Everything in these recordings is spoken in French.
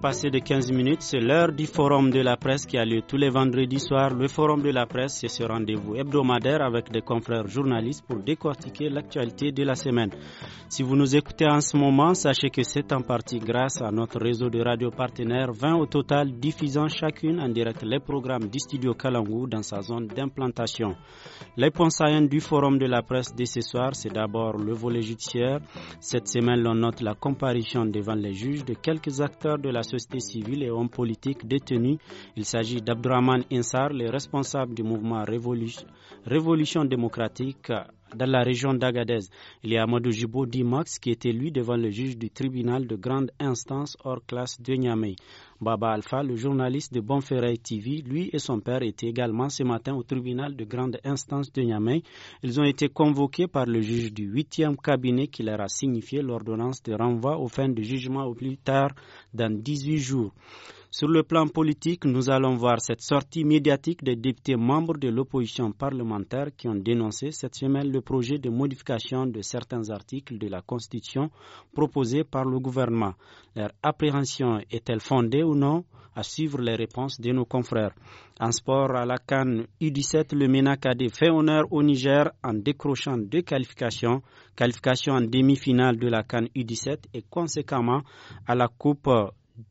passé de 15 minutes, c'est l'heure du forum de la presse qui a lieu tous les vendredis soirs. Le forum de la presse, c'est ce rendez-vous hebdomadaire avec des confrères journalistes pour décortiquer l'actualité de la semaine. Si vous nous écoutez en ce moment, sachez que c'est en partie grâce à notre réseau de radio partenaires, 20 au total, diffusant chacune en direct les programmes du studio Kalangou dans sa zone d'implantation. Les points saillants du forum de la presse de ce soir, c'est d'abord le volet judiciaire. Cette semaine, l'on note la comparution devant les juges de quelques acteurs de la société civile et hommes politiques détenus. Il s'agit d'Abdurrahman Insar, le responsable du mouvement Révolution, démocratique dans la région d'Agadez. Il y a Amadou Jibo Dimax qui était lui devant le juge du tribunal de grande instance hors classe de Niamey. Baba Alpha, le journaliste de Bonferré TV, lui et son père étaient également ce matin au tribunal de grande instance de Niamey. Ils ont été convoqués par le juge du 8e cabinet qui leur a signifié l'ordonnance de renvoi aux fins de jugement au plus tard dans 18 jours. Sur le plan politique, nous allons voir cette sortie médiatique des députés membres de l'opposition parlementaire qui ont dénoncé cette semaine le projet de modification de certains articles de la Constitution proposés par le gouvernement. Leur appréhension est-elle fondée ou non à suivre les réponses de nos confrères. En sport, à la Cannes U17, le Ménacadé fait honneur au Niger en décrochant deux qualifications, qualification en demi-finale de la Cannes U17 et conséquemment à la Coupe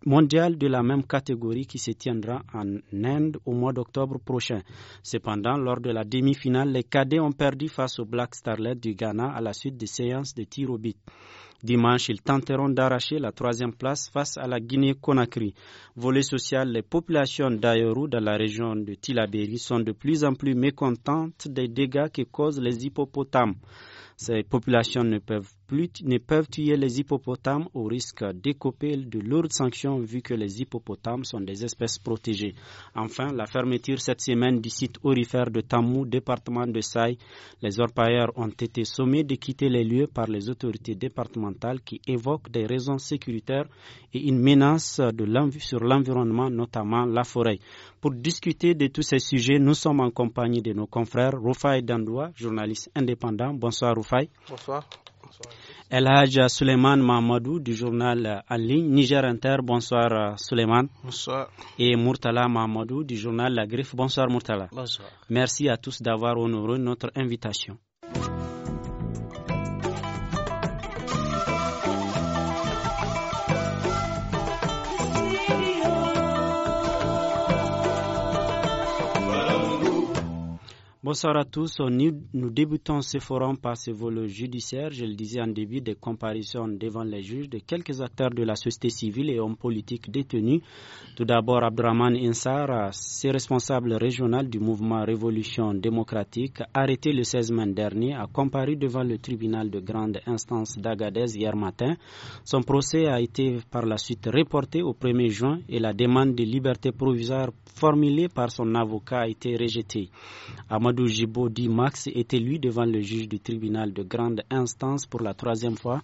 mondial de la même catégorie qui se tiendra en Inde au mois d'octobre prochain. Cependant, lors de la demi-finale, les cadets ont perdu face au Black Starlet du Ghana à la suite des séances de tir au but. Dimanche, ils tenteront d'arracher la troisième place face à la Guinée-Conakry. Volet social, les populations d'Ayoru dans la région de Tilaberi sont de plus en plus mécontentes des dégâts que causent les hippopotames. Ces populations ne peuvent, plus, ne peuvent tuer les hippopotames au risque d'écoper de lourdes sanctions vu que les hippopotames sont des espèces protégées. Enfin, la fermeture cette semaine du site orifère de Tamou, département de Saï. Les orpailleurs ont été sommés de quitter les lieux par les autorités départementales qui évoquent des raisons sécuritaires et une menace sur l'environnement, notamment la forêt. Pour discuter de tous ces sujets, nous sommes en compagnie de nos confrères Roufaï Dandoua, journaliste indépendant. Bonsoir Roufaï. Bonsoir. Elhaj El Hadj Suleiman Mamadou du journal en ligne Niger Inter. Bonsoir euh, Suleiman. Bonsoir. Et Murtala Mamadou du journal La Griffe. Bonsoir Murtala. Bonsoir. Merci à tous d'avoir honoré notre invitation. Bonsoir à tous. Nous, débutons ce forum par ce volet judiciaire. Je le disais en début des comparutions devant les juges de quelques acteurs de la société civile et hommes politiques détenus. Tout d'abord, Abdraman Insar, ses responsable régional du mouvement Révolution démocratique, arrêté le 16 mai dernier, a comparu devant le tribunal de grande instance d'Agadez hier matin. Son procès a été par la suite reporté au 1er juin et la demande de liberté provisoire formulée par son avocat a été rejetée. Jibo dit Max est élu devant le juge du tribunal de grande instance pour la troisième fois.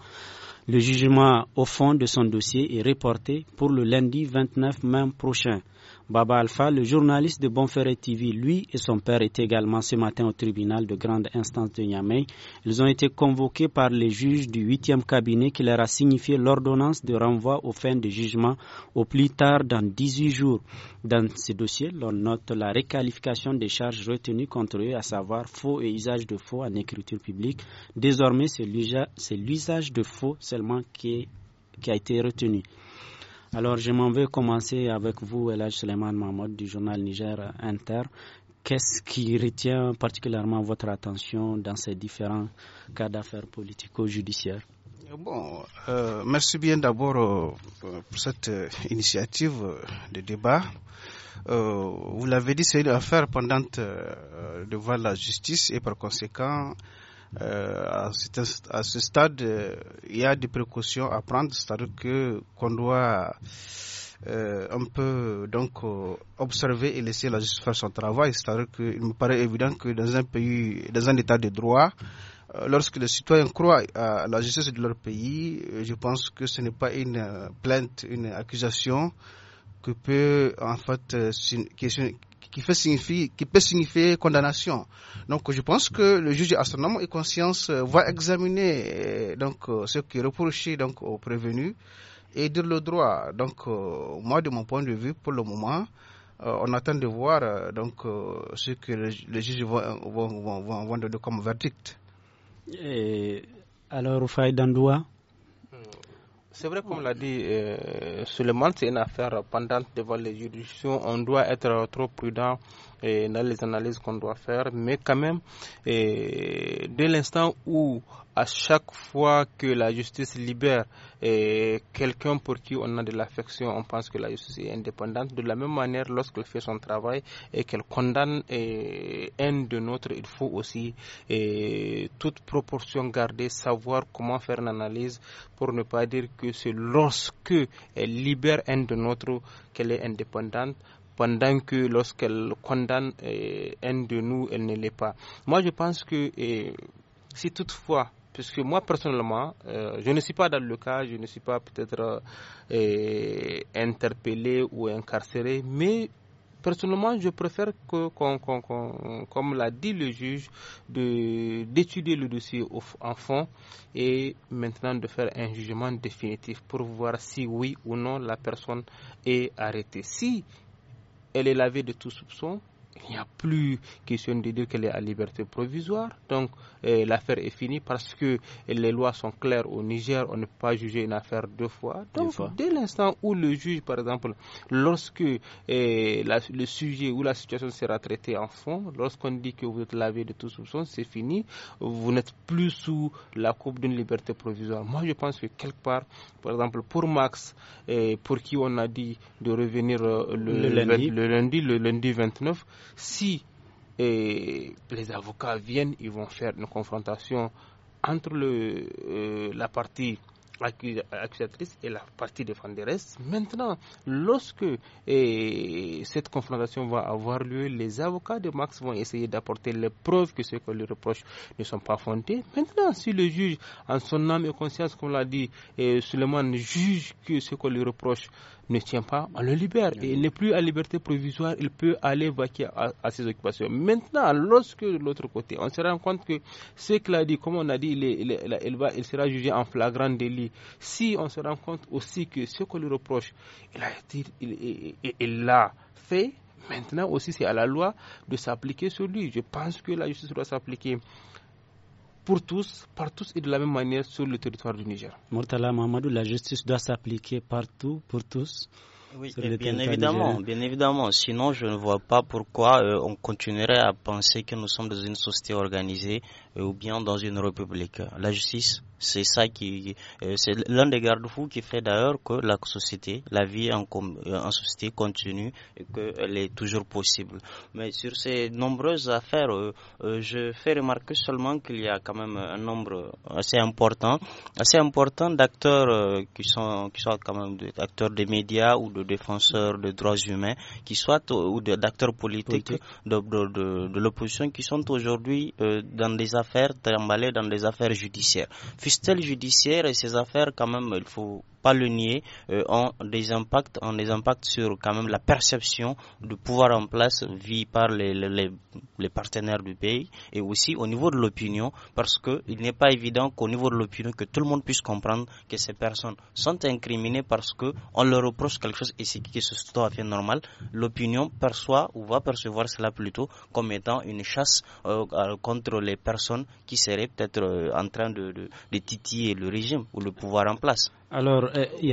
Le jugement au fond de son dossier est reporté pour le lundi 29 mai prochain. Baba Alpha, le journaliste de Bonferré TV, lui et son père étaient également ce matin au tribunal de grande instance de Niamey. Ils ont été convoqués par les juges du huitième cabinet qui leur a signifié l'ordonnance de renvoi aux fins de jugement au plus tard dans 18 jours. Dans ce dossier, l'on note la réqualification des charges retenues contre eux, à savoir faux et usage de faux en écriture publique. Désormais, c'est l'usage de faux seulement qui a été retenu. Alors, je m'en vais commencer avec vous, Elaj Suleiman Mahmoud du journal Niger Inter. Qu'est-ce qui retient particulièrement votre attention dans ces différents cas d'affaires politico-judiciaires Bon, euh, merci bien d'abord euh, pour cette euh, initiative de débat. vous l'avez dit, c'est une affaire pendante devant la justice et par conséquent, euh, à, ce stade, euh, il y a des précautions à prendre, c'est-à-dire que qu'on doit euh, un peu donc observer et laisser la justice faire son travail. C'est-à-dire qu'il me paraît évident que dans un pays, dans un état de droit, lorsque les citoyens croient à la justice de leur pays, je pense que ce n'est pas une plainte, une accusation que peut en fait qui, peut signifier condamnation. Donc je pense que le juge astronome et conscience euh, va examiner euh, donc, euh, ce qui est reproché donc, au prévenu et dire le droit. Donc moi de mon point de vue, pour le moment, on attend de voir donc ce que le, juge va vont, comme verdict. Et alors, Faye Dandoua c'est vrai, comme l'a dit euh, c'est une affaire pendante devant les juridictions. On doit être trop prudent dans les analyses qu'on doit faire, mais quand même, dès l'instant où à chaque fois que la justice libère quelqu'un pour qui on a de l'affection, on pense que la justice est indépendante. De la même manière, lorsqu'elle fait son travail et qu'elle condamne un de notre, il faut aussi, toute proportion garder, savoir comment faire une analyse pour ne pas dire que c'est lorsque elle libère un de notre qu'elle est indépendante pendant que lorsqu'elle condamne eh, un de nous, elle ne l'est pas. Moi, je pense que eh, si toutefois puisque moi personnellement, eh, je ne suis pas dans le cas, je ne suis pas peut-être interpellé ou incarcéré, mais personnellement, je préfère que, comme l'a dit le juge, d'étudier le dossier en fond et maintenant de faire un jugement définitif pour voir si oui ou non la personne est arrêtée. Si elle est lavée de tout soupçon il n'y a plus question de dire qu'elle est à liberté provisoire. Donc eh, l'affaire est finie parce que les lois sont claires au Niger, on ne pas juger une affaire deux fois. Donc dès l'instant où le juge, par exemple, lorsque eh, le sujet ou la situation sera traitée en fond, lorsqu'on dit que vous êtes lavé de tout soupçon, c'est fini, vous n'êtes plus sous la coupe d'une liberté provisoire. Moi je pense que quelque part, par exemple pour Max, eh, pour qui on a dit de revenir euh, le lundi, le lundi 29, si eh, les avocats viennent, ils vont faire une confrontation entre eh, la partie accusatrice et la partie défenderesse. Maintenant, lorsque eh, cette confrontation va avoir lieu, les avocats de Max vont essayer d'apporter les preuves que ce qu'on lui reproche ne sont pas fondés. Maintenant, si le juge, en son âme et conscience, comme l'a dit et Suleiman, juge que ce qu'on lui reproche ne tient pas, on le libère. Et il mmh. n'est plus à liberté provisoire, il peut aller vaquer à, ses occupations. Maintenant, lorsque de l'autre côté, on se rend compte que ce qu'il a dit, comme on a dit, il, sera jugé en flagrant délit. Si on se rend compte aussi que ce qu'on lui reproche, il l'a fait, maintenant aussi c'est à la loi de s'appliquer sur lui. Je pense que la justice doit s'appliquer pour tous, par tous et de la même manière sur le territoire du Niger. Mortala Mamadou, la justice doit s'appliquer partout, pour tous. Oui, bien évidemment, bien évidemment. Sinon, je ne vois pas pourquoi euh, on continuerait à penser que nous sommes dans une société organisée ou bien dans une république. La justice, c'est ça qui, euh, c'est l'un des garde-fous qui fait d'ailleurs que la société, la vie en, euh, en société continue et qu'elle est toujours possible. Mais sur ces nombreuses affaires, euh, je fais remarquer seulement qu'il y a quand même un nombre assez important, assez important d'acteurs qui sont, qui sont quand même des acteurs des médias ou de défenseurs de droits humains, qui soient ou d'acteurs politiques de, de, de l'opposition, qui sont aujourd'hui dans des affaires affaires trimballées dans des affaires judiciaires. fussent judiciaires, et ces affaires, quand même, il faut pas le nier, euh, ont des impacts, ont des impacts sur quand même la perception du pouvoir en place vie par les, les, partenaires du pays et aussi au niveau de l'opinion, parce que il n'est pas évident qu'au niveau de l'opinion que tout le monde puisse comprendre que ces personnes sont incriminées parce que on leur reproche quelque chose et c'est qui se tout à fait normal. L'opinion perçoit ou va percevoir cela plutôt comme étant une chasse euh, contre les personnes qui serait peut-être euh, en train de, titiller le régime ou le pouvoir en place. Alors, vous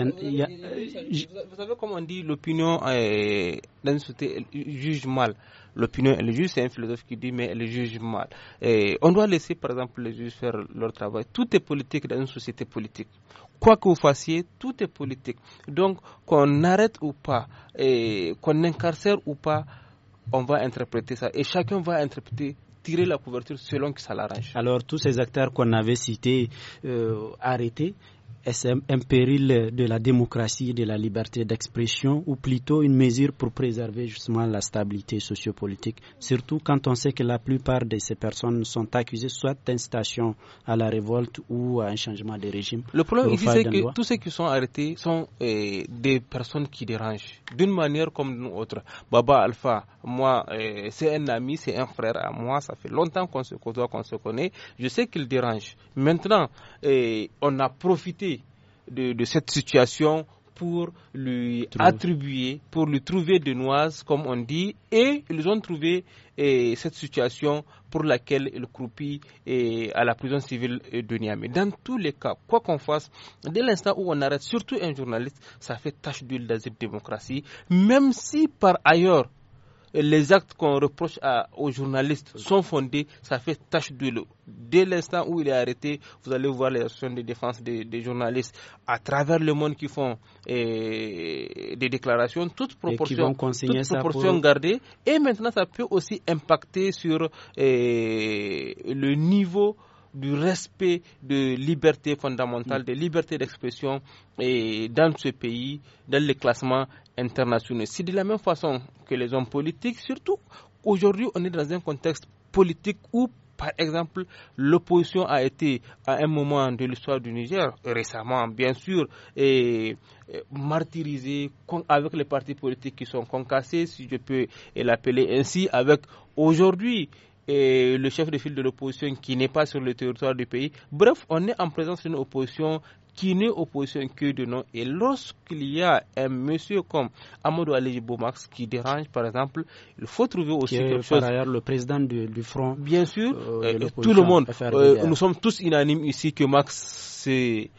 savez, comment on dit, l'opinion est euh, dans société juge mal. L'opinion, elle juge, c'est un philosophe qui dit, mais elle juge mal. Et on doit laisser, par exemple, les juges faire leur travail. Tout est politique dans une société politique quoi que vous fassiez, tout est politique. Donc, qu'on arrête ou pas, qu'on incarcère ou pas, on va interpréter ça. Et chacun va interpréter tirer la couverture selon que ça l'arrange. Alors tous ces acteurs qu'on avait cités euh, arrêtés, est-ce un péril de la démocratie, de la liberté d'expression, ou plutôt une mesure pour préserver justement la stabilité sociopolitique, surtout quand on sait que la plupart de ces personnes sont accusées soit d'incitation à la révolte ou à un changement de régime Le problème ici, c'est que tous ceux qui sont arrêtés sont euh, des personnes qui dérangent, d'une manière comme d'une autre. Baba Alpha, moi, euh, c'est un ami, c'est un frère à moi, ça fait longtemps qu'on se côtoie, qu'on se connaît, je sais qu'il dérange. Maintenant, euh, on a profité de, cette situation pour lui attribuer, pour lui trouver des noises, comme on dit, et ils ont trouvé eh, cette situation pour laquelle il croupit eh, à la prison civile de Niamey. Dans tous les cas, quoi qu'on fasse, dès l'instant où on arrête surtout un journaliste, ça fait tache d'huile d'asile démocratie, même si par ailleurs les actes qu'on reproche aux journalistes sont fondés, ça fait tache l'eau. Dès l'instant où il est arrêté, vous allez voir les actions de défense des, journalistes à travers le monde qui font eh, des déclarations, toutes proportions, gardées. Et maintenant, ça peut aussi impacter sur eh, le niveau du respect de liberté fondamentale, mm. de liberté d'expression dans ce pays, dans les classements internationaux. C'est de la même façon que les hommes politiques, surtout aujourd'hui, on est dans un contexte politique où par exemple, l'opposition a été à un moment de l'histoire du Niger, récemment bien sûr, martyrisée avec les partis politiques qui sont concassés, si je peux l'appeler ainsi, avec aujourd'hui et le chef de file de l'opposition qui n'est pas sur le territoire du pays. Bref, on est en présence d'une opposition qui n'est opposition que de nom. Et lorsqu'il y a un monsieur comme Amadou Ali Max qui dérange, par exemple, il faut trouver aussi quelque chose. Par le président du, Front. Bien sûr, euh, euh, tout le monde. Euh, nous sommes tous unanimes ici que Max, c'est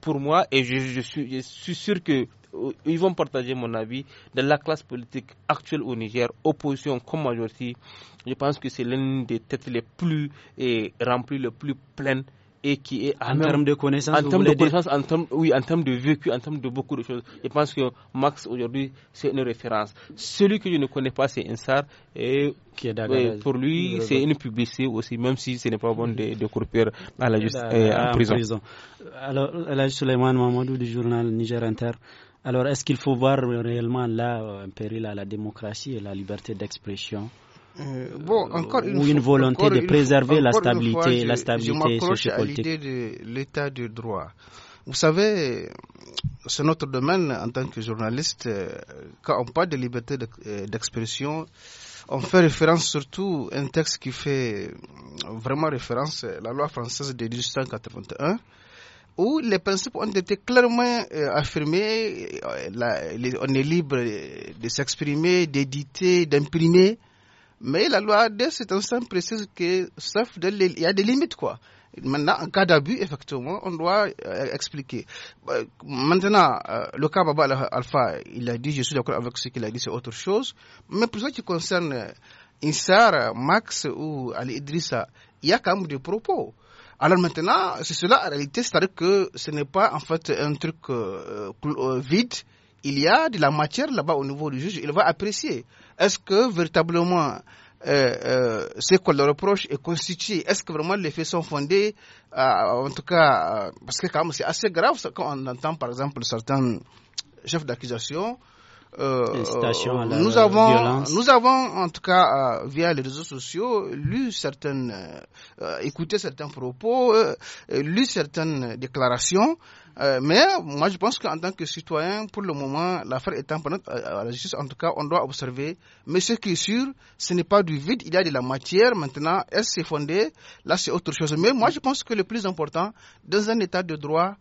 pour moi, et je suis sûr que ils vont partager mon avis, de la classe politique actuelle au Niger, opposition comme majorité, je pense que c'est l'une des têtes les plus remplies, les plus pleines et qui est en, termes de connaissances, en termes de connaissances, en termes, oui, en termes de vécu, en termes de beaucoup de choses. Je pense que Max aujourd'hui c'est une référence. Celui que je ne connais pas c'est Insar et qui est pour lui c'est une publicité aussi, même si ce n'est pas bon de, de à la justice, euh, en, prison. Alors, Mamadou du journal Niger Inter. Alors, est-ce qu'il faut voir réellement là euh, un péril à la démocratie et la liberté d'expression euh, euh, ou une volonté de préserver la stabilité, la stabilité je l'idée de l'état de droit. Vous savez, c'est notre domaine en tant que journaliste. Quand on parle de liberté d'expression, on fait référence surtout à un texte qui fait vraiment référence à la loi française de 1881 où les principes ont été clairement euh, affirmés. Euh, on est libre de s'exprimer, d'éditer, d'imprimer. Mais la loi de cet instant précise que, sauf il y a des limites, quoi. Maintenant, en cas d'abus, effectivement, on doit euh, expliquer. Maintenant, le cas Baba Alpha, il a dit, je suis d'accord avec ce qu'il a dit, c'est autre chose. Mais pour ce qui concerne Insar, Max ou Ali Idrissa, il y a quand même des propos. Alors maintenant, c'est cela en réalité, c'est-à-dire que ce n'est pas en fait un truc euh, euh, vide. Il y a de la matière là-bas au niveau du juge. Il va apprécier. Est-ce que véritablement euh, c'est quoi le reproche est constitué. Est-ce que vraiment les faits sont fondés En tout cas, parce que quand même c'est assez grave quand on entend par exemple certains chefs d'accusation euh, nous avons, nous avons en tout cas euh, via les réseaux sociaux lu certaines, euh, écouté certains propos, lu certaines déclarations. mais moi, je pense qu'en tant que citoyen, pour le moment, l'affaire étant pendante à la justice, en tout cas, on doit observer. Mais ce qui est sûr, ce n'est pas du vide, il y a de la matière. Maintenant, elle s'est fondée Là, c'est autre chose. Mais moi, je pense que le plus important, dans un état de droit,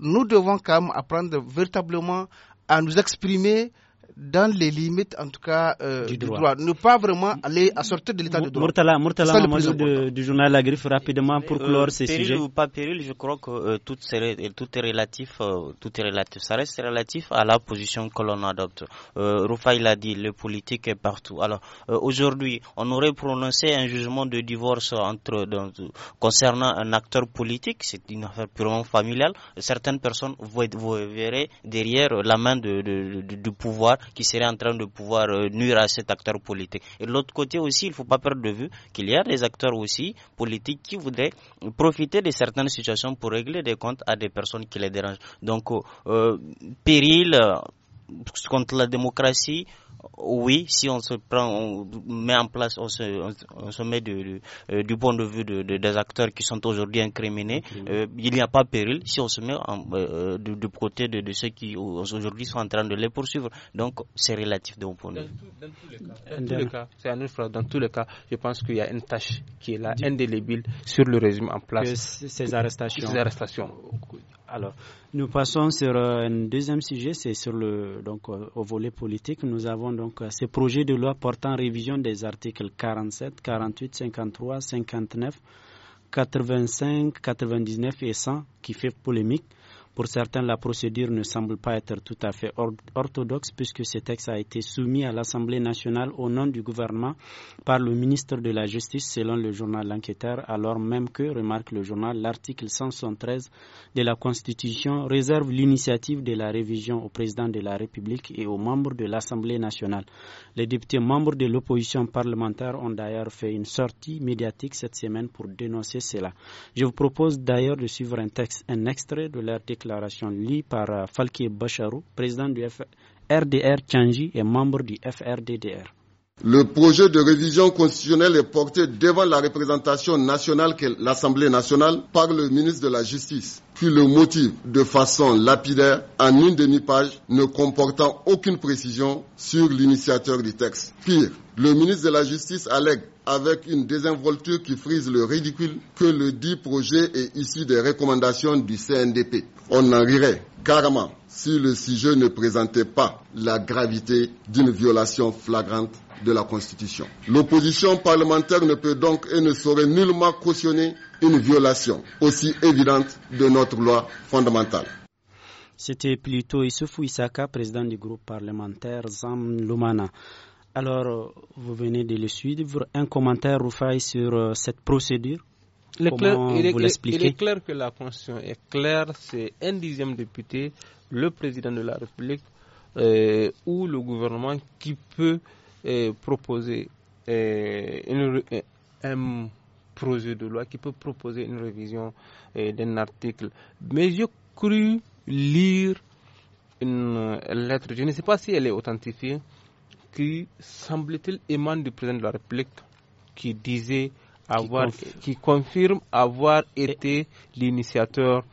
nous devons quand même apprendre véritablement à nous exprimer dans les limites, en tout cas, euh, du, droit. Ne pas vraiment aller à sortir de l'état de droit. Murtala, Murtala du journal La Griffe, rapidement, pour euh, clore ces sujets. Péril ou pas péril, je crois que euh, tout, est, tout, est relatif, tout est relatif. Ça reste relatif à la position que l'on adopte. Euh, Rufa, il a dit, le politique est partout. Alors, aujourd'hui, on aurait prononcé un jugement de divorce entre, concernant un acteur politique. C'est une affaire purement familiale. Certaines personnes vous, vous verrez derrière la main de, du pouvoir qui serait en train de pouvoir euh, nuire à cet acteur politique. Et de l'autre côté aussi, il ne faut pas perdre de vue qu'il y a des acteurs aussi politiques qui voudraient profiter de certaines situations pour régler des comptes à des personnes qui les dérangent. Donc, euh, euh, péril contre la démocratie, oui, si on se prend, met en place, on se, met euh, du point de vue des acteurs qui sont aujourd'hui incriminés, euh, il n'y a pas péril si on se met en, euh, du, côté de, ceux qui aujourd'hui sont en train de les poursuivre. Donc c'est relatif de mon point de vue. Dans, tous les cas, je pense qu'il y a une tâche qui est là, indélébile sur le régime en place. de Ces arrestations. Alors, nous passons sur euh, un deuxième sujet, c'est sur le donc euh, au volet politique. Nous avons donc euh, ce projet de loi portant révision des articles 47, 48, 53, 59, 85, 99 et 100 qui fait polémique. Pour certains, la procédure ne semble pas être tout à fait orthodoxe puisque ce texte a été soumis à l'Assemblée nationale au nom du gouvernement par le ministre de la Justice selon le journal L'Enquêteur, alors même que, remarque le journal, l'article 173 de la Constitution réserve l'initiative de la révision au président de la République et aux membres de l'Assemblée nationale. Les députés membres de l'opposition parlementaire ont d'ailleurs fait une sortie médiatique cette semaine pour dénoncer cela. Je vous propose d'ailleurs de suivre un texte, un extrait de l'article déclaration liée par euh, Falkir Bacharou, président du RDR Tchangi et membre du FRDDR. Le projet de révision constitutionnelle est porté devant la représentation nationale qu'est l'Assemblée nationale par le ministre de la Justice, qui le motive de façon lapidaire en une demi-page ne comportant aucune précision sur l'initiateur du texte. Pire, le ministre de la Justice allègue avec une désinvolture qui frise le ridicule que le dit projet est issu des recommandations du CNDP. On en rirait carrément si le sujet ne présentait pas la gravité d'une violation flagrante de la Constitution. L'opposition parlementaire ne peut donc et ne saurait nullement cautionner une violation aussi évidente de notre loi fondamentale. C'était plutôt Issoufou Isaka, président du groupe parlementaire Zam Lumana. Alors, vous venez de le suivre. Un commentaire, faille sur euh, cette procédure il est, clair, il, clair, que la Constitution est claire, c'est un dixième député le président de la République euh, ou le gouvernement qui peut euh, proposer euh, un projet de loi, qui peut proposer une révision d'un article. Mais j'ai cru lire une lettre, je ne sais pas si elle est authentifiée, qui semble il émane du président de la République qui disait avoir, qui confirme avoir été l'initiateur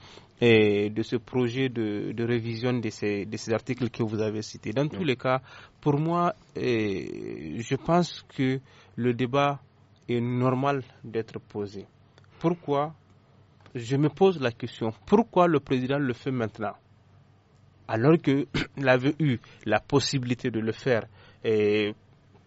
et de ce projet de, révision de ces, articles que vous avez cités. Dans tous les cas, pour moi, eh, je pense que le débat est normal d'être posé. Pourquoi Je me pose la question, pourquoi le président le fait maintenant alors qu'il avait eu la possibilité de le faire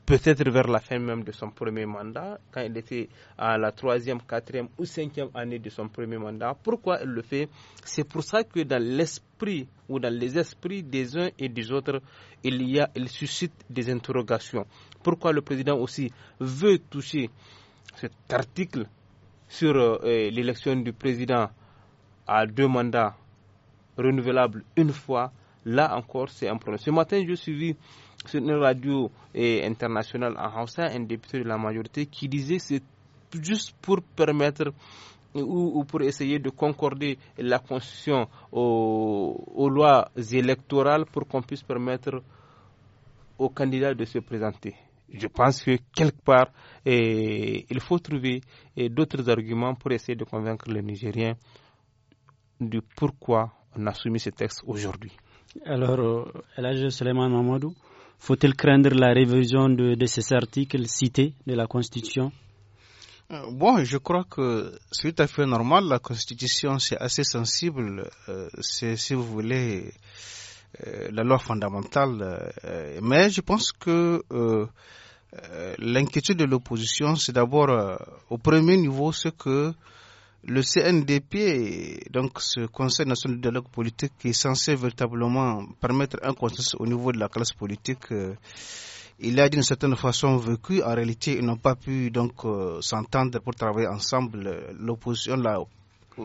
peut-être vers la fin même de son premier mandat, quand il était à la troisième, quatrième ou cinquième année de son premier mandat. Pourquoi il le fait C'est pour ça que dans l'esprit ou dans les esprits des uns et des autres, il y a, il suscite des interrogations. Pourquoi le président aussi veut toucher cet article sur euh, l'élection du président à deux mandats renouvelables une fois Là encore, c'est un problème. Ce matin, je suis sur une radio eh, internationale en Hausa, un député de la majorité qui disait c'est juste pour permettre eh, ou, pour essayer de concorder la Constitution aux, lois électorales pour qu'on puisse permettre aux candidats de se présenter. Je pense que quelque part, eh, il faut trouver d'autres arguments pour essayer de convaincre les Nigériens du pourquoi on a soumis ce texte aujourd'hui. Alors, Alhaji euh, Elage Suleiman Mamadou, faut-il craindre la révision de, de, ces articles cités de la Constitution euh, Bon, je crois que c'est tout à fait normal. La Constitution, c'est assez sensible. Euh, c'est, si vous voulez, euh, la loi fondamentale. mais je pense que l'inquiétude de l'opposition, c'est d'abord, au premier niveau, ce que le CNDP, donc ce Conseil national de dialogue politique, qui est censé véritablement permettre un consensus au niveau de la classe politique, euh, il a d'une certaine façon vécu. En réalité, ils n'ont pas pu donc euh, s'entendre pour travailler ensemble. L'opposition l'a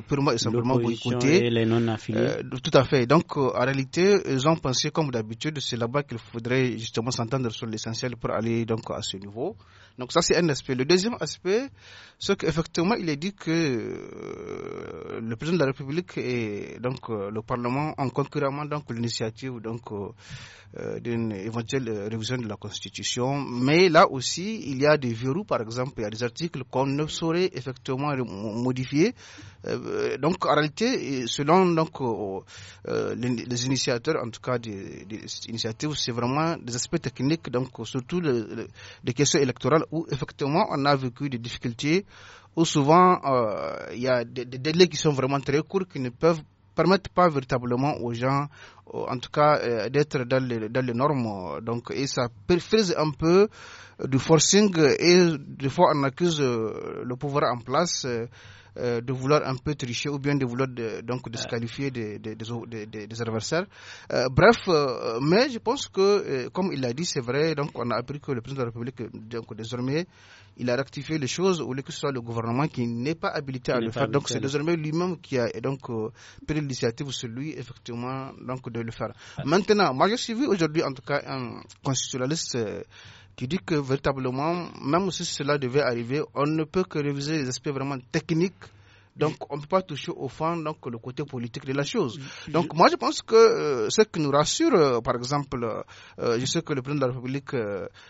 purement et simplement écouter les euh, tout à fait. Donc, euh, en réalité, ils ont pensé, comme d'habitude, c'est là-bas qu'il faudrait justement s'entendre sur l'essentiel pour aller donc à ce niveau. Donc, ça, c'est un aspect. Le deuxième aspect, c'est qu'effectivement, il est dit que euh, le président de la République et donc le Parlement ont concurremment donc l'initiative donc d'une éventuelle révision de la Constitution. Mais là aussi, il y a des verrous, par exemple, il y a des articles qu'on ne saurait effectivement modifier euh, euh, donc, en réalité, selon donc, euh, les, initiateurs, en tout cas des, initiatives, c'est vraiment des aspects techniques, donc surtout des questions électorales où effectivement on a vécu des difficultés, où souvent il y a des, délais qui sont vraiment très courts qui ne peuvent permettent pas véritablement aux gens, en tout cas, d'être dans les, normes. Donc, et ça fait un peu du forcing et des fois on accuse le pouvoir en place euh, de vouloir un peu tricher ou bien de vouloir euh, de, donc des, des, des, des adversaires. Euh, bref, mais je pense que, comme il l'a dit, c'est vrai, donc on a appris que le président de la République, donc désormais, il a rectifié les choses, ou que ce soit le gouvernement qui n'est pas habilité à le faire. Donc c'est désormais lui-même qui a donc pris l'initiative sur lui, effectivement, donc de le faire. Maintenant, moi j'ai suivi aujourd'hui, en tout cas, un constitutionnaliste tu dis que véritablement, même si cela devait arriver, on ne peut que réviser les aspects vraiment techniques donc, on ne peut pas toucher au fond donc, le côté politique de la chose. Donc, moi, je pense que euh, ce qui nous rassure, euh, par exemple, euh, je sais que le président de la République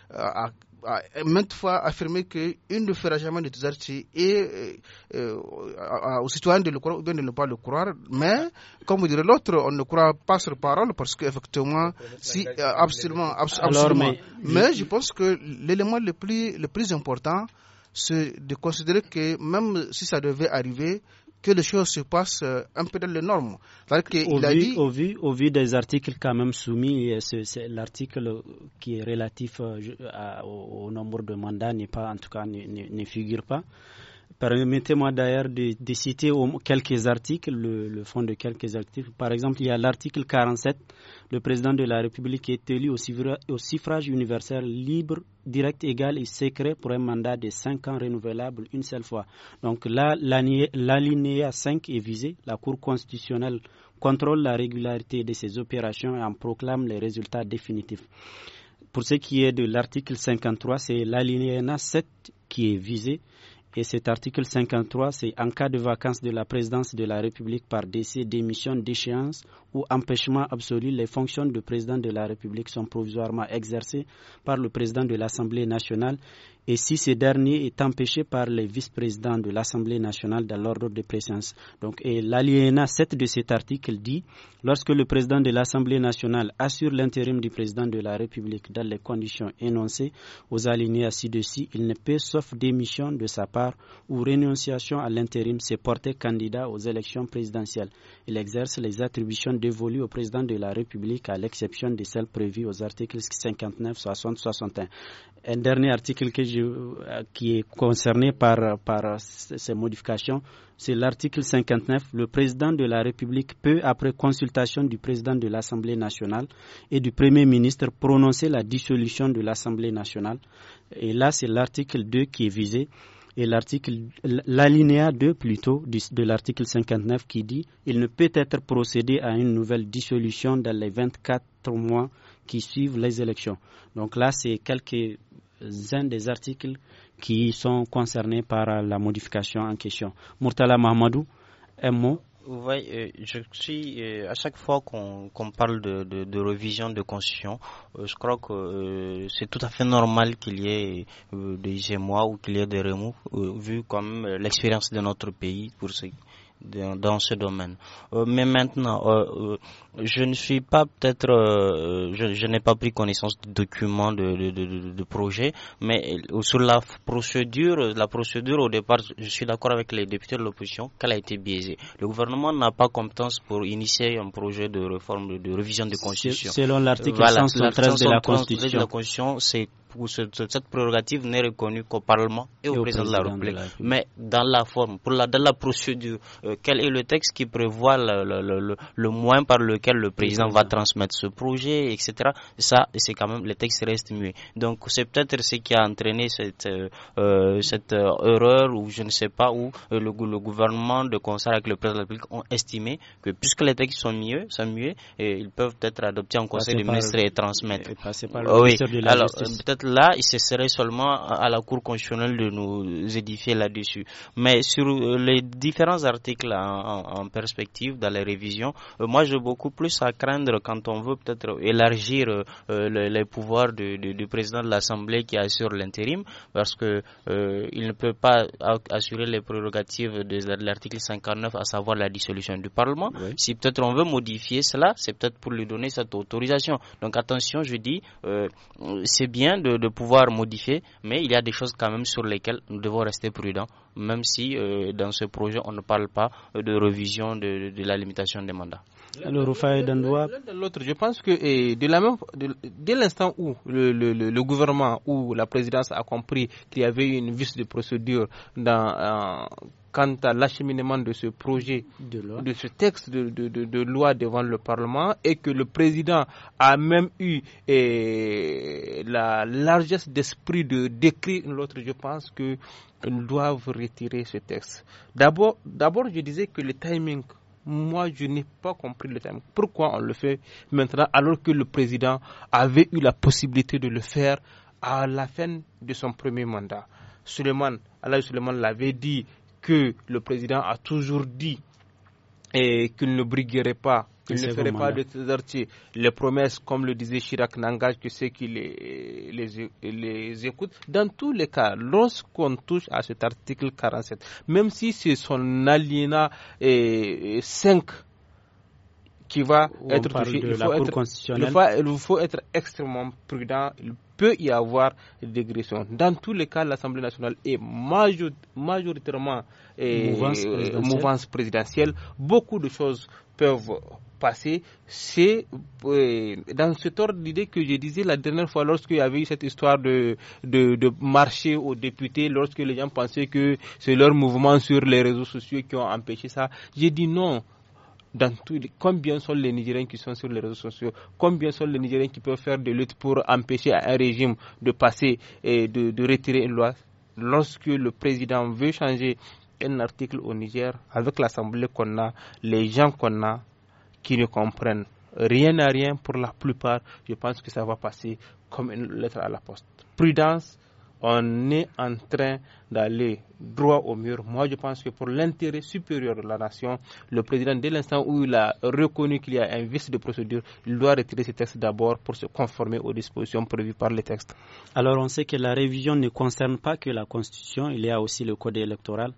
a a maintes fois affirmé qu'il ne fera jamais de tuzarti et euh, euh, aux citoyens de le croire ou bien de ne pas le croire. Mais, comme vous direz l'autre, on ne croit pas sur parole parce qu'effectivement, si, euh, absolument, absolument. mais, je pense que l'élément le plus, le plus important, c'est de considérer que même si ça devait arriver, que les choses se passent euh, un peu dans les normes. Au, vu, dit... au, vu, des articles quand même soumis, l'article qui est relatif euh, au, nombre de mandats n'est pas, en tout cas, ne figure pas. Permettez-moi d'ailleurs de, citer quelques articles, le, fond de quelques articles. Par exemple, il y a l'article 47, le président de la République est élu au, suffrage universel libre, direct, égal et secret pour un mandat de cinq ans renouvelable une seule fois. Donc là, l'alinéa 5 est visée. La Cour constitutionnelle contrôle la régularité de ses opérations et en proclame les résultats définitifs. Pour ce qui est de l'article 53, c'est l'alinéa 7 qui est visée et cet article 53, c'est en cas de vacances de la présidence de la République par décès, démission, déchéance ou empêchement absolu, les fonctions de président de la République sont provisoirement exercées par le président de l'Assemblée nationale et si ce dernier est empêché par les vice-présidents de l'Assemblée nationale dans l'ordre de présence. Donc, et l'alinéa 7 de cet article dit lorsque le président de l'Assemblée nationale assure l'intérim du président de la République dans les conditions énoncées aux alinéas ci-dessus, il ne peut, sauf démission de sa part, ou renonciation à l'intérim, s'est porté candidat aux élections présidentielles. Il exerce les attributions dévolues au président de la République à l'exception de celles prévues aux articles 59, 60, 61. Un dernier article euh, qui est concerné par, par ces modifications, c'est l'article 59. Le président de la République peut, après consultation du président de l'Assemblée nationale et du Premier ministre, prononcer la dissolution de l'Assemblée nationale. Et là, c'est l'article 2 qui est visé et l'article, l'alinéa 2 plutôt de l'article 59 qui dit il ne peut être procédé à une nouvelle dissolution dans les 24 mois qui suivent les élections. Donc là, c'est quelques-uns des articles qui sont concernés par la modification en question. Murtala Mahamadou, un mot oui, euh, je suis euh, à chaque fois qu'on parle de, de, de, révision de constitution, euh, je crois que c'est tout à fait normal qu'il y ait des émois ou qu'il y ait des remous, vu comme l'expérience de notre pays pour ce, dans, dans, ce domaine. mais maintenant, je ne suis pas peut-être, euh, je, n'ai pas pris connaissance de documents de, projet, mais euh, sur la procédure, la procédure au départ, je suis d'accord avec les députés de l'opposition qu'elle a été biaisée. Le gouvernement n'a pas compétence pour initier un projet de réforme, de révision de constitution. Selon l'article voilà, de la Constitution, la Constitution, cette prérogative n'est reconnue qu'au Parlement et, au, président, de la République. Mais dans la forme, pour la, dans la procédure, euh, quel est le texte qui prévoit le, moins le moyen par lequel le président va transmettre ce projet, etc. Ça, c'est quand même, les textes restent muets. Donc, c'est peut-être ce qui a entraîné cette, euh, euh, cette euh, erreur, ou je ne sais pas, où le, le gouvernement, de concert avec le président de la République, ont estimé que puisque les textes sont mieux sont et ils peuvent être adoptés en conseil ah, des ministres et transmettre. Ah oui. Alors, peut-être là, il se serait seulement à la Cour constitutionnelle de nous édifier là-dessus. Mais sur les différents articles en perspective, dans les révisions, moi, j'ai beaucoup plus à craindre quand on veut peut-être élargir euh, les pouvoirs du, président de l'Assemblée qui assure l'intérim, parce que euh, il ne peut pas assurer les prérogatives de, l'article 59, à savoir la dissolution du Parlement. Si peut-être on veut modifier cela, c'est peut-être pour lui donner cette autorisation. Donc attention, je dis, euh, c'est bien de pouvoir modifier, mais il y a des choses quand même sur lesquelles nous devons rester prudents même si euh, dans ce projet, on ne parle pas de revision de, la limitation des mandats. Alors, L'autre, je pense que de la même, dès l'instant où le, gouvernement ou la présidence a compris qu'il y avait une vice de procédure dans quant à l'acheminement de ce projet, de, de ce texte de, loi devant le Parlement et que le président a même eu eh, la largesse d'esprit de décrire l'autre, je pense que doivent retirer ce texte. D'abord, je disais que le timing moi, je n'ai pas compris le timing. Pourquoi on le fait maintenant alors que le président avait eu la possibilité de le faire à la fin de son premier mandat Suleiman, Allah Suleiman l'avait dit que le président a toujours dit et qu'il ne briguerait pas, qu'il ne ferait pas de Les promesses, comme le disait Chirac, n'engage que ceux qui les, les, écoutent. Dans tous les cas, lorsqu'on touche à cet article 47, même si c'est son alinéa 5 qui va être touché, il, faut être, il faut, être extrêmement prudent, peut y avoir dégressions. Dans tous les cas, l'Assemblée nationale est majoritairement eh, eh, mouvance, présidentielle. Beaucoup de choses peuvent passer. C'est eh, dans cet ordre d'idée que je disais la dernière fois lorsqu'il y avait eu cette histoire de, de, de, aux députés, lorsque les gens pensaient que c'est leur mouvement sur les réseaux sociaux qui ont empêché ça. J'ai dit non combien sont les Nigériens qui sont sur les réseaux sociaux, combien sont les Nigériens qui peuvent faire des luttes pour empêcher un régime de passer et de, de retirer une loi. Lorsque le président veut changer un article au Niger, avec l'Assemblée qu'on a, les gens qu'on a, qui ne comprennent rien à rien pour la plupart, je pense que ça va passer comme une lettre à la poste. Prudence, on est en train d'aller droit au mur. Moi, je pense que pour l'intérêt supérieur de la nation, le président, dès l'instant où il a reconnu qu'il y a un vice de procédure, il doit retirer ses textes d'abord pour se conformer aux dispositions prévues par les textes. Alors, on sait que la révision ne concerne pas que la Constitution, il y a aussi le Code électoral.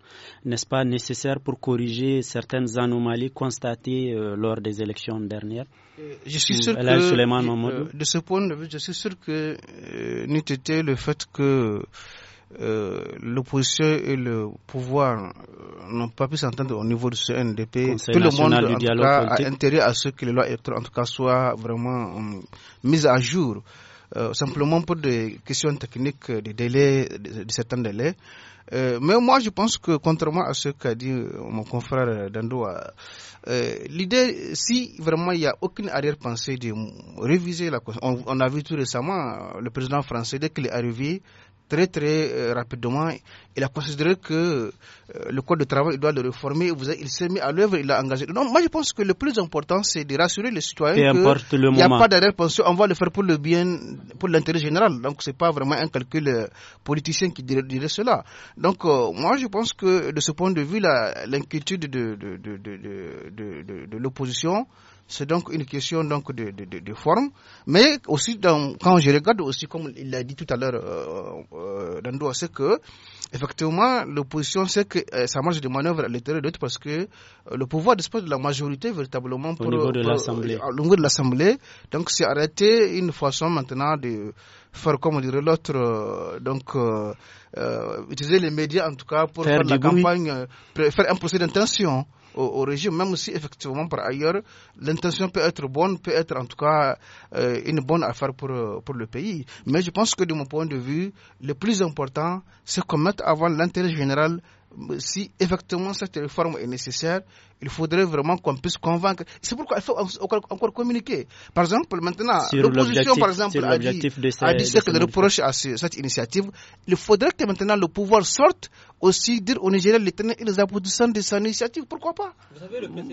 N'est-ce pas nécessaire pour corriger certaines anomalies constatées euh, lors des élections dernières euh, je suis sûr que, euh, de ce point de vue, je suis sûr que, nétait été le fait que euh, l'opposition et le pouvoir euh, n'ont pas pu s'entendre au niveau de ce NDP. Tout le monde a intérêt à ce que les lois électorales en tout cas, soient vraiment euh, mises à jour. simplement pour des questions techniques, des délais, de, certains délais. mais moi, je pense que, contrairement à ce qu'a dit mon confrère Dandoa, l'idée, si vraiment il n'y a aucune arrière-pensée de réviser la Constitution, on, a vu tout récemment le président français, dès qu'il est arrivé, très très euh, rapidement, il a considéré que euh, le code de travail il doit le réformer. Il s'est mis à l'œuvre, il l'a engagé. moi je pense que le plus important c'est de rassurer les citoyens qu'il n'y a pas d'arrière-pensée, on va le faire pour le bien, pour l'intérêt général. Donc c'est pas vraiment un calcul euh, politicien qui dirait, cela. Donc moi je pense que de ce point de vue l'inquiétude de, de, de, de l'opposition c'est donc une question donc de, de, de, forme, mais aussi dans, quand je regarde aussi comme il l'a dit tout à l'heure euh, euh c'est que effectivement l'opposition c'est que euh, ça marche de manœuvre à l'intérieur d'autres parce que euh, le pouvoir dispose de la majorité véritablement pour, euh, au niveau de l'Assemblée. de l'Assemblée, donc c'est arrêter une façon maintenant de faire comme on dirait l'autre, donc euh, utiliser les médias en tout cas pour faire, la campagne, faire un procès d'intention au, régime, même si effectivement par ailleurs l'intention peut être bonne, peut être en tout cas euh, une bonne affaire pour, euh, pour le pays. Mais je pense que de mon point de vue, le plus important, c'est qu'on mette avant l'intérêt général si effectivement cette réforme est nécessaire, il faudrait vraiment qu'on puisse convaincre. C'est pourquoi il faut encore communiquer. Par exemple, maintenant, l'opposition, par exemple, a dit, a dit, que reproche à cette initiative. Il faudrait que maintenant le pouvoir sorte aussi dire au Nigeria les tenants et les applaudissants de sa initiative. Pourquoi pas Vous savez, le mm.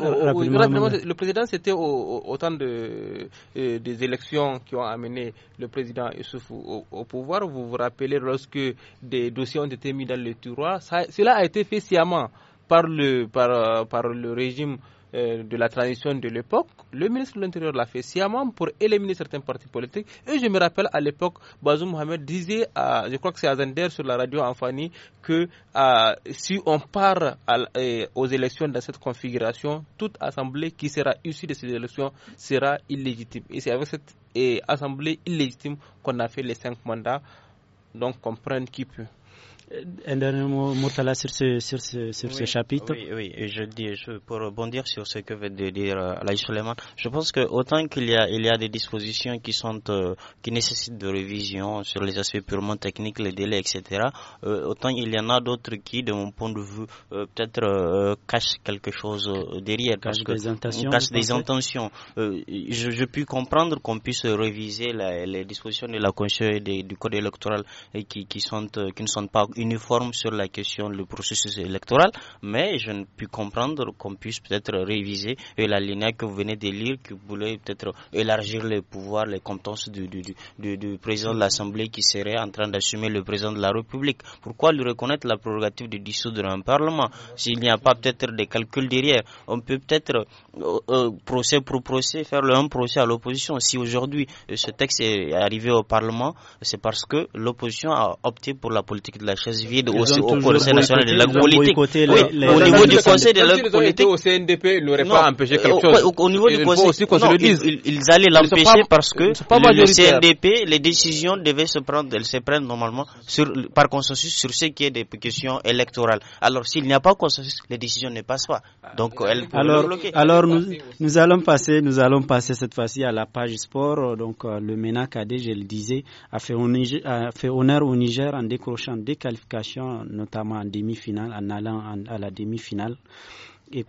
euh, euh, président, c'était au, temps euh, des élections qui ont amené le président Youssouf au, pouvoir. Vous vous rappelez lorsque des dossiers ont été mis dans le tiroir. cela a été fait sciemment par le, par, euh, par le régime euh, de la transition de l'époque, le ministre de l'Intérieur l'a fait sciemment pour éliminer certains partis politiques. Et je me rappelle à l'époque, Bazoum Mohamed disait, je crois que c'est Azender sur la radio Anfani, que euh, si on part aux élections dans cette configuration, toute assemblée qui sera issue de ces élections sera illégitime. Et c'est avec cette assemblée illégitime qu'on a fait les cinq mandats. Donc comprendre qui peut. Euh, un mot, sur ce, ce, chapitre. Oui, oui, et je dis, je, pour rebondir sur ce que veut dire euh, Suleiman, je pense que autant qu'il y a, il y a des dispositions qui sont, euh, qui nécessitent de révision sur les aspects purement techniques, les délais, etc., euh, autant il y en a d'autres qui, de mon point de vue, euh, peut-être cachent quelque chose derrière. Cache parce des intentions. Cache des intentions. je, je puis comprendre qu'on puisse réviser les dispositions de la Constitution et du Code électoral et qui, qui, sont, qui ne sont pas uniforme sur la question du processus électoral, mais je ne puis comprendre qu'on puisse peut-être réviser la ligne que vous venez de lire, vous voulez peut-être élargir les pouvoirs, les compétences du, du, président de l'Assemblée qui serait en train d'assumer le président de la République. Pourquoi lui reconnaître la prérogative de dissoudre un Parlement s'il n'y a pas peut-être des calculs derrière On peut peut-être, euh, euh, procès pour procès, faire le un procès à l'opposition. Si aujourd'hui euh, ce texte est arrivé au Parlement, c'est parce que l'opposition a opté pour la politique de la aussi vide au, Conseil national de la politique. au niveau du Conseil de la politique. au CNDP, ils n'auraient pas empêché quelque chose. Au niveau du Conseil, ils allaient l'empêcher parce que le CNDP, les décisions devaient se prendre, elles se prennent normalement par consensus sur ce qui est des questions électorales. Alors, s'il n'y a pas consensus, les décisions ne passent pas. Ah, Donc, elles alors, alors nous, allons passer, nous allons passer cette fois-ci à la page sport. Donc, euh, le MENA je le disais, a fait, honneur, fait honneur au Niger en décrochant des qualités notamment en demi-finale, en allant à la demi-finale et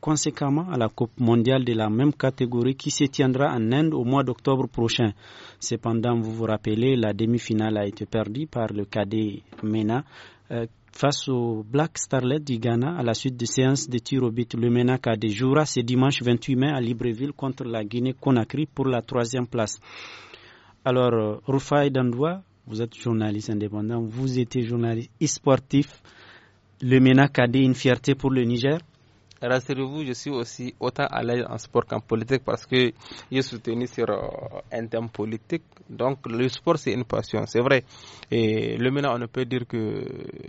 conséquemment à la Coupe mondiale de la même catégorie qui se tiendra en Inde au mois d'octobre prochain. Cependant, vous vous rappelez, la demi-finale a été perdue par le cadet MENA euh, face au Black Starlet du Ghana à la suite de séances de tir au but. Le MENA KD jouera ce dimanche 28 mai à Libreville contre la Guinée-Conakry pour la troisième place. Alors, euh, Rufai Dandoua, vous êtes journaliste indépendant, vous étiez journaliste sportif. Le MENA a une fierté pour le Niger rassurez-vous, je suis aussi autant à l'aise en sport qu'en politique parce que je soutenu sur euh, un thème politique. Donc, le sport, c'est une passion, c'est vrai. Et le MENA, on ne peut dire que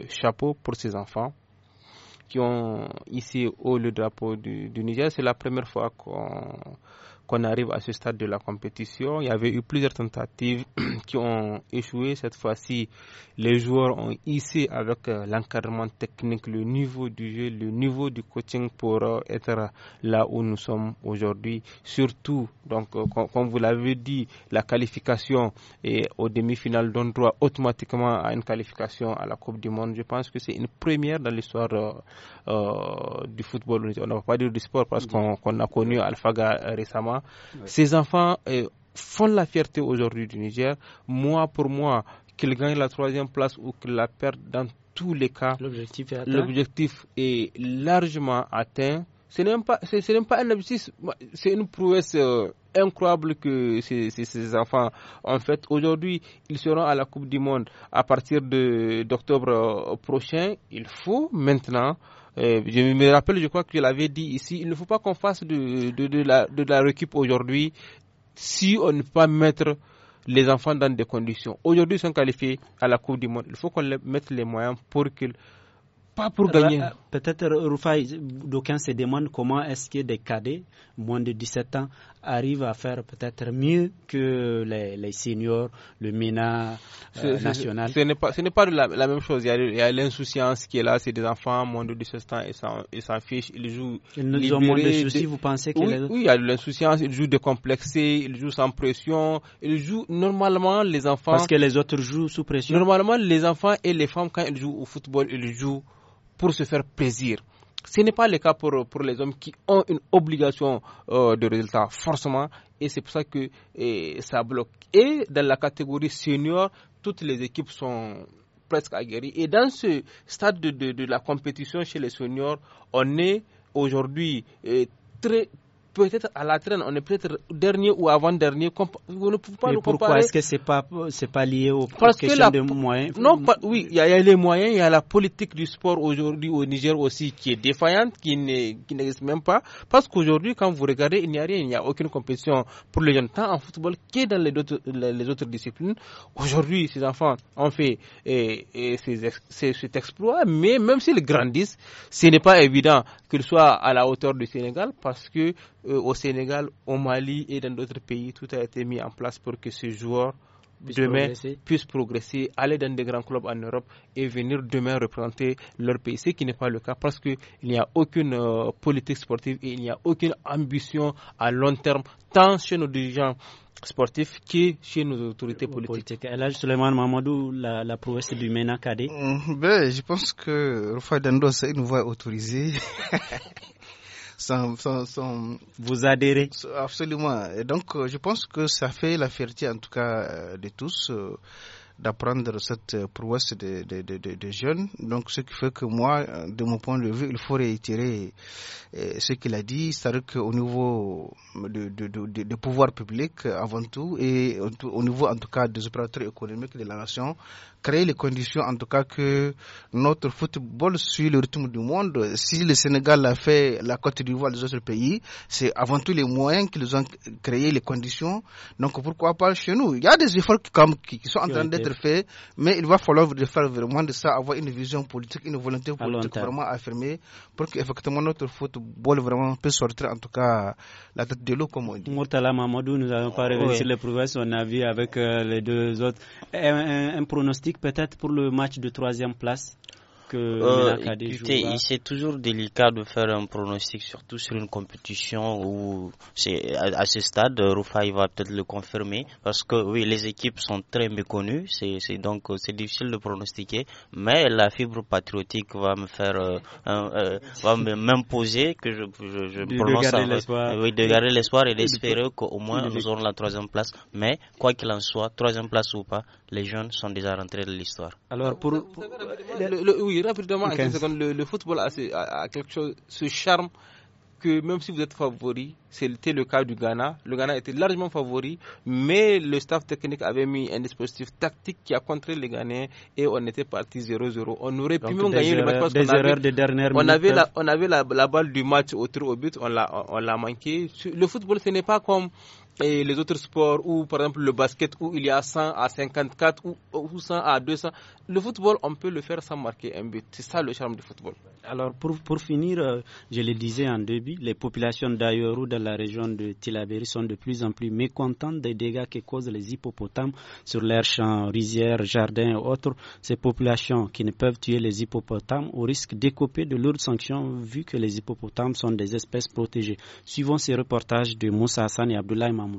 chapeau pour ses enfants qui ont ici haut le drapeau du Niger. C'est la première fois qu'on qu'on arrive à ce stade de la compétition. Il y avait eu plusieurs tentatives qui ont échoué. Cette fois-ci, les joueurs ont ici avec euh, l'encadrement technique, le niveau du jeu, le niveau du coaching pour euh, être là où nous sommes aujourd'hui. Surtout, donc, euh, comme vous l'avez dit, la qualification et aux demi-finales donne droit automatiquement à une qualification à la Coupe du Monde. Je pense que c'est une première dans l'histoire du football. On ne va pas dire du sport parce qu'on a connu Alphaga récemment. Ces enfants euh, font la fierté aujourd'hui du Niger. Moi, pour moi, qu'ils gagnent la troisième place ou qu'ils la perdent, dans tous les cas, l'objectif est, est, largement atteint. Ce n'est même pas, c'est, pas un objectif, c'est une prouesse euh, incroyable que ces, ces, enfants ont en fait. Aujourd'hui, ils seront à la Coupe du Monde à partir de, d'octobre euh, prochain. Il faut maintenant euh, je me rappelle, je crois qu'il l'avais dit ici, il ne faut pas qu'on fasse de, la, de récup aujourd'hui si on ne peut pas mettre les enfants dans des conditions. Aujourd'hui, ils sont qualifiés à la Coupe du Monde. Il faut qu'on mette les moyens pour qu'ils pas pour euh, gagner. Euh, peut-être, Rufai, d'aucuns se demandent comment est-ce que des cadets, moins de 17 ans, arrive à faire peut-être mieux que les, seniors, le MENA euh, national. Ce n'est pas, ce pas la, même chose. Il y a l'insouciance qui est là, c'est des enfants moins de 17 ans et s'en fichent. Ils jouent. Ils nous ont moins de soucis, vous pensez oui, oui, il y a l'insouciance, ils jouent décomplexés, ils jouent sans pression, ils jouent normalement les enfants. Parce que les autres jouent sous pression. Normalement, les enfants et les femmes, quand ils jouent au football, ils jouent pour se faire plaisir. Ce n'est pas le cas pour, pour les hommes qui ont une obligation euh, de résultat, forcément, et c'est pour ça que ça bloque. Et dans la catégorie senior, toutes les équipes sont presque aguerries. Et dans ce stade de, de, la compétition chez les seniors, on est aujourd'hui euh, très, peut-être à la traîne, on est peut-être dernier ou avant-dernier. Vous ne pouvez pas Mais pourquoi est-ce que ce n'est pas, pas lié aux questions de moyens Non, oui, il y, a les moyens, il y a la politique du sport aujourd'hui au Niger aussi qui est défaillante, qui n'existe même pas. Parce qu'aujourd'hui, quand vous regardez, il n'y a rien, il n'y a aucune compétition pour les jeunes, tant en football que dans les autres, les autres disciplines. Aujourd'hui, ces enfants ont fait et, ces, ces, cet exploit, mais même s'ils grandissent, ce n'est pas évident qu'ils soient à la hauteur du Sénégal parce que euh, au Sénégal, au Mali et dans d'autres pays, tout a été mis en place pour que ces joueurs demain progresser. progresser, aller dans des grands clubs en Europe et venir demain représenter leur pays. Ce qui n'est pas le cas parce qu'il n'y a aucune euh, politique sportive et il n'y a aucune ambition à long terme, tant chez nos dirigeants sportifs que chez nos autorités euh, politiques. Et là, Mamadou, la, la prouesse du MENA mm, Ben, je pense que Dando, c'est une voie autorisée. sans, vous adhérer. Absolument. Et donc, euh, je pense que ça fait la fierté, en tout cas, euh, de tous euh, d'apprendre cette prouesse des de, jeunes. Donc, ce qui fait que moi, de mon point de vue, il faut réitérer ce qu'il a dit, c'est-à-dire qu'au niveau de, de, pouvoir public, avant tout, et au niveau, en tout cas, des opérateurs économiques de la nation, créer les conditions, en tout cas, que notre football suit le rythme du monde. Si le Sénégal a fait, la Côte d'Ivoire, les autres pays, c'est avant tout les moyens qu'ils ont créé les conditions. Donc, pourquoi pas chez nous Il y a des efforts qui, sont en train d'être faits, mais il va falloir faire vraiment de ça, avoir une vision politique, une volonté politique vraiment affirmée pour qu'effectivement notre football vraiment puisse sortir, en tout cas, la tête de l'eau, comme on dit. Mortala Mamadou, nous n'avons pas ah, les prouesses, on a avec euh, les deux autres. un pronostic peut-être pour le match de troisième place que euh, c'est toujours délicat de faire un pronostic, surtout sur une compétition où c'est à, ce stade, Rufai va peut-être le confirmer, parce que oui, les équipes sont très méconnues, c'est donc c'est difficile de pronostiquer, mais la fibre patriotique va me faire, euh, euh m'imposer que je, de, prononce de oui, garder l'espoir et d'espérer qu'au moins nous aurons la troisième place. Mais quoi qu'il en soit, troisième place ou pas, les jeunes sont déjà rentrés de l'histoire. Alors pour, rapidement le, football a, quelque chose, ce charme que même si vous êtes favori, c'était le cas du Ghana. Le Ghana était largement favori, mais le staff technique avait mis un dispositif tactique qui a contré les Ghanais et on était parti 0-0. On aurait pu même gagner le match parce qu'on avait, de on avait, la, on avait la, la, balle du match autour au but, on l'a manqué. Le football, ce n'est pas comme et les autres sports ou par exemple, le basket où il y a 100 à 54 ou, 100 à 200. Le football, on peut le faire sans marquer un but. C'est ça le charme du football. Alors, pour, finir, euh, je le disais en début, les populations ou dans la région de Tilaberi sont de plus en plus mécontentes des dégâts que causent les hippopotames sur leurs champs, rizières, jardins et autres. Ces populations qui ne peuvent tuer les hippopotames au risque d'écoper de lourdes sanctions vu que les hippopotames sont des espèces protégées. Suivant ces reportages de Moussa Hassan et Abdoulaye Mamou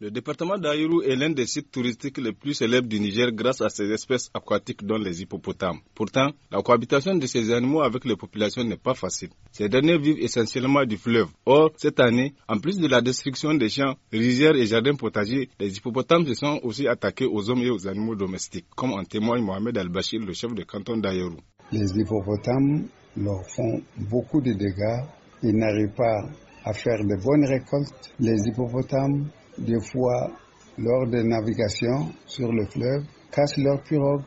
le département d'Ayuru est l'un des sites touristiques les plus célèbres du Niger grâce à ses espèces aquatiques dont les hippopotames. Pourtant, la cohabitation de ces animaux avec les populations n'est pas facile. Ces derniers vivent essentiellement du fleuve. Or, cette année, en plus de la destruction des champs, rizières et jardins potagers, les hippopotames se sont aussi attaqués aux hommes et aux animaux domestiques, comme en témoigne Mohamed Al-Bashir, le chef de canton d'Ayuru. Les hippopotames leur font beaucoup de dégâts. Ils n'arrivent pas à faire de bonnes récoltes. Les hippopotames, des fois, lors des navigations sur le fleuve, cassent leurs pirogues.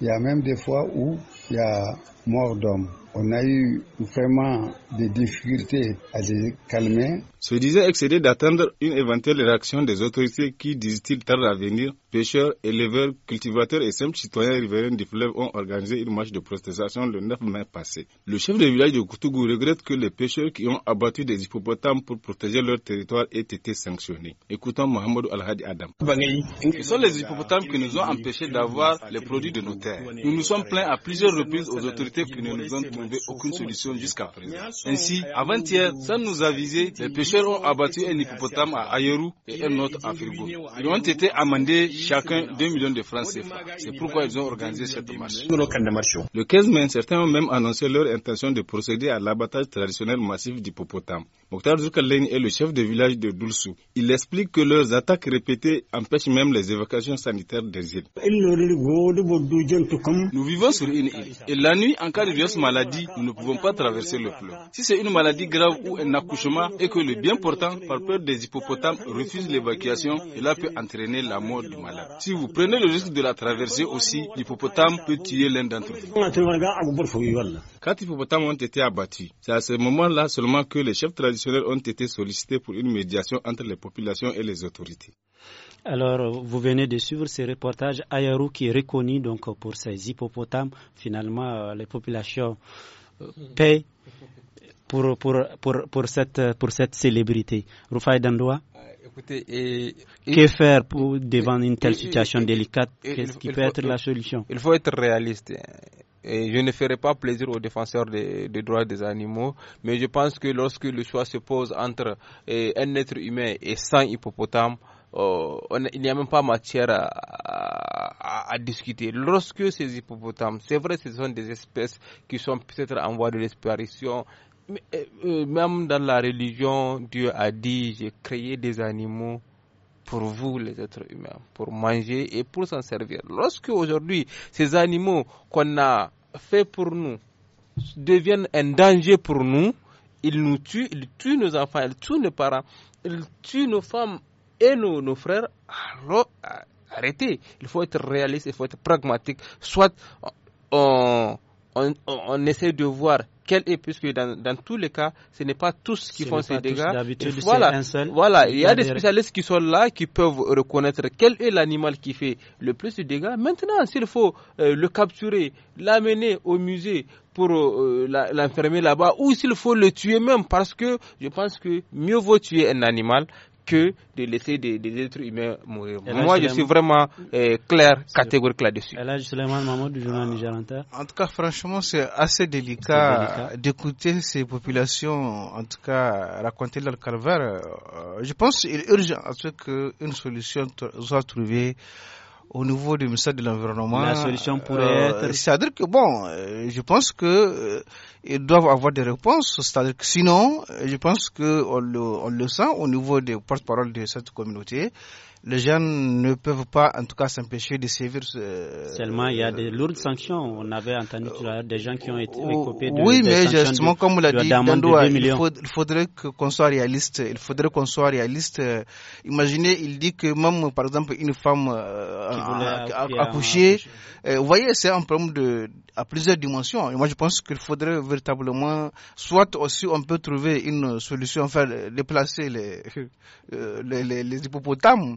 Il y a même des fois où il y a mort d'homme. On a eu vraiment des difficultés à les calmer. Se disait excédé d'attendre une éventuelle réaction des autorités qui, disent-ils, tardent à venir. Pêcheurs, éleveurs, cultivateurs et simples citoyens riverains du fleuve ont organisé une marche de protestation le 9 mai passé. Le chef de village de Koutougou regrette que les pêcheurs qui ont abattu des hippopotames pour protéger leur territoire aient été sanctionnés. Écoutons Mohamed Al-Hadi Adam. Ce sont les hippopotames qui nous ont empêchés d'avoir les produits de nos terres. Nous nous sommes plaints à plusieurs reprises aux autorités que qui nous ont trouvé aucune solution jusqu'à présent. Ainsi, avant-hier, sans nous aviser, les pêcheurs ont abattu un hippopotame à Ayeru et un autre à Frigo. Ils ont été amendés chacun 2 millions de francs CFA. C'est pourquoi ils ont organisé cette marche. Oh. Le 15 mai, certains ont même annoncé leur intention de procéder à l'abattage traditionnel massif d'hippopotames. Mokhtar Zoukaleni est le chef de village de Doulsou. Il explique que leurs attaques répétées empêchent même les évacuations sanitaires des îles. Nous vivons sur une île et la nuit en cas de violence maladie, nous ne pouvons pas traverser le fleuve. Si c'est une maladie grave ou un accouchement et que le bien portant, par peur des hippopotames, refuse l'évacuation, cela peut entraîner la mort du malade. Si vous prenez le risque de la traverser aussi, l'hippopotame peut tuer l'un d'entre vous. Quatre hippopotames ont été abattus, c'est à ce moment-là seulement que les chefs traditionnels ont été sollicités pour une médiation entre les populations et les autorités. Alors, vous venez de suivre ce reportage. Ayarou qui est reconnu donc, pour ses hippopotames. Finalement, euh, les populations euh, paient pour, cette, célébrité. Rufai Dandoua euh, Écoutez, que faire pour, devant une telle situation délicate Qu'est-ce qui peut être la solution Il faut être réaliste. Hein. Et je ne ferai pas plaisir aux défenseurs des, des, droits des animaux, mais je pense que lorsque le choix se pose entre eh, un être humain et 100 hippopotames, Oh, il n'y a même pas matière à, discuter. Lorsque ces hippopotames, c'est vrai, ce sont des espèces qui sont peut-être en voie de disparition, euh, euh, même dans la religion, Dieu a dit, j'ai créé des animaux pour vous, les êtres humains, pour manger et pour s'en servir. Lorsque aujourd'hui, ces animaux qu'on a faits pour nous deviennent un danger pour nous, ils nous tuent, ils tuent nos enfants, ils tuent nos parents, ils tuent nos femmes, et nos, nos frères arrêtez. Il faut être réaliste, il faut être pragmatique. Soit on, on, essaie de voir quel est, puisque dans, dans tous les cas, ce n'est pas tous qui font ces dégâts. Voilà, voilà, il y a des spécialistes qui sont là, qui peuvent reconnaître quel est l'animal qui fait le plus de dégâts. Maintenant, s'il faut euh, le capturer, l'amener au musée pour euh, l'enfermer là-bas, ou s'il faut le tuer même, parce que je pense que mieux vaut tuer un animal que de laisser des, des êtres humains mourir. Moi, je suis vraiment euh, clair, catégorique là-dessus. Ah. en tout cas, franchement, c'est assez délicat, d'écouter ces populations, en tout cas, raconter leur calvaire. Euh, je pense qu'il est urgent à ce qu'une solution soit trouvée au niveau du ministère de l'Environnement. La solution pourrait euh, être. C'est-à-dire que, bon, euh, je pense que euh, ils doivent avoir des réponses. C'est-à-dire que sinon, je pense qu'on le, on le sent au niveau des porte-parole de cette communauté les jeunes ne peuvent pas, en tout cas, s'empêcher de sévir. Seulement, il y a euh, des lourdes sanctions. On avait entendu des gens qui ont été oh, écopés de Oui, mais justement, comme l'a dit il, faudrait qu'on soit réaliste. Il faudrait qu'on soit réaliste. Euh, imaginez, il dit que même, par exemple, une femme euh, hein, accouchée, vous voyez, c'est un problème de, à plusieurs dimensions. Et moi, je pense qu'il faudrait véritablement, soit aussi, on peut trouver une solution, faire déplacer les, les, les hippopotames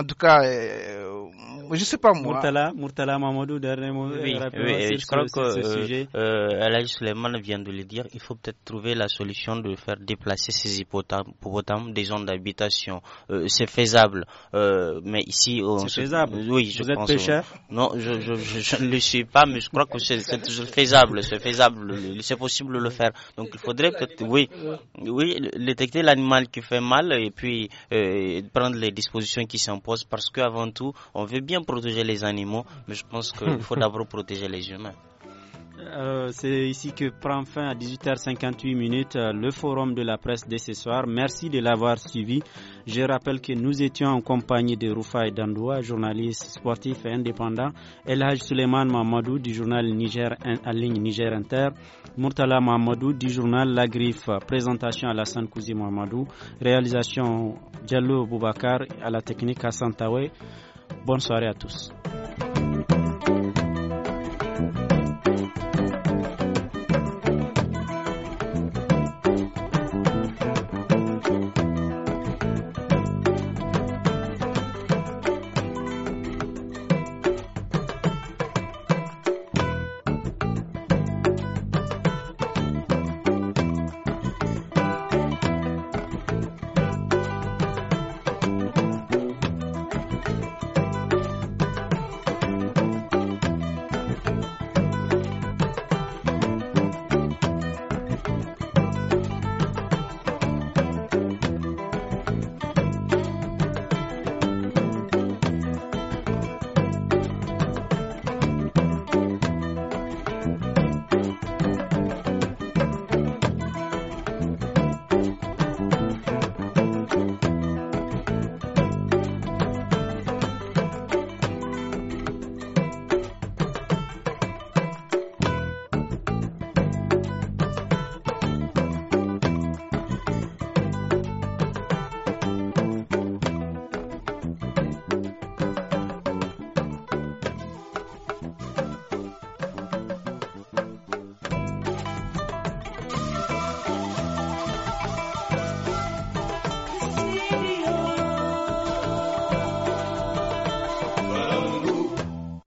En tout cas, euh, je sais pas moi. Murtala, Mamadou, dernier mot. Oui, euh, je crois que euh, euh, vient de le dire. Il faut peut-être trouver la solution de faire déplacer ces autant des zones d'habitation. c'est faisable, mais ici. c'est faisable. Oui, je Vous êtes pêcheur Non, je, ne le suis pas, mais je crois que c'est, faisable. C'est faisable. C'est possible de le faire. Donc il faudrait que oui, oui, détecter l'animal qui fait mal et puis prendre les dispositions qui sont parce qu'avant tout, on veut bien protéger les animaux, mais je pense qu'il faut d'abord protéger les humains. Euh, c'est ici que prend fin à 18h58 minutes euh, le forum de la presse de ce soir. Merci de l'avoir suivi. Je rappelle que nous étions en compagnie de Rufai Dandoua, journaliste sportif et indépendant, Elhaj Suleiman Mamadou du journal Niger en ligne Niger Inter, Murtala Mamadou du journal La Griffe, présentation à la Sainte-Cousine Mamadou, réalisation Diallo Boubacar à la technique à Santawe. Bonne soirée à tous.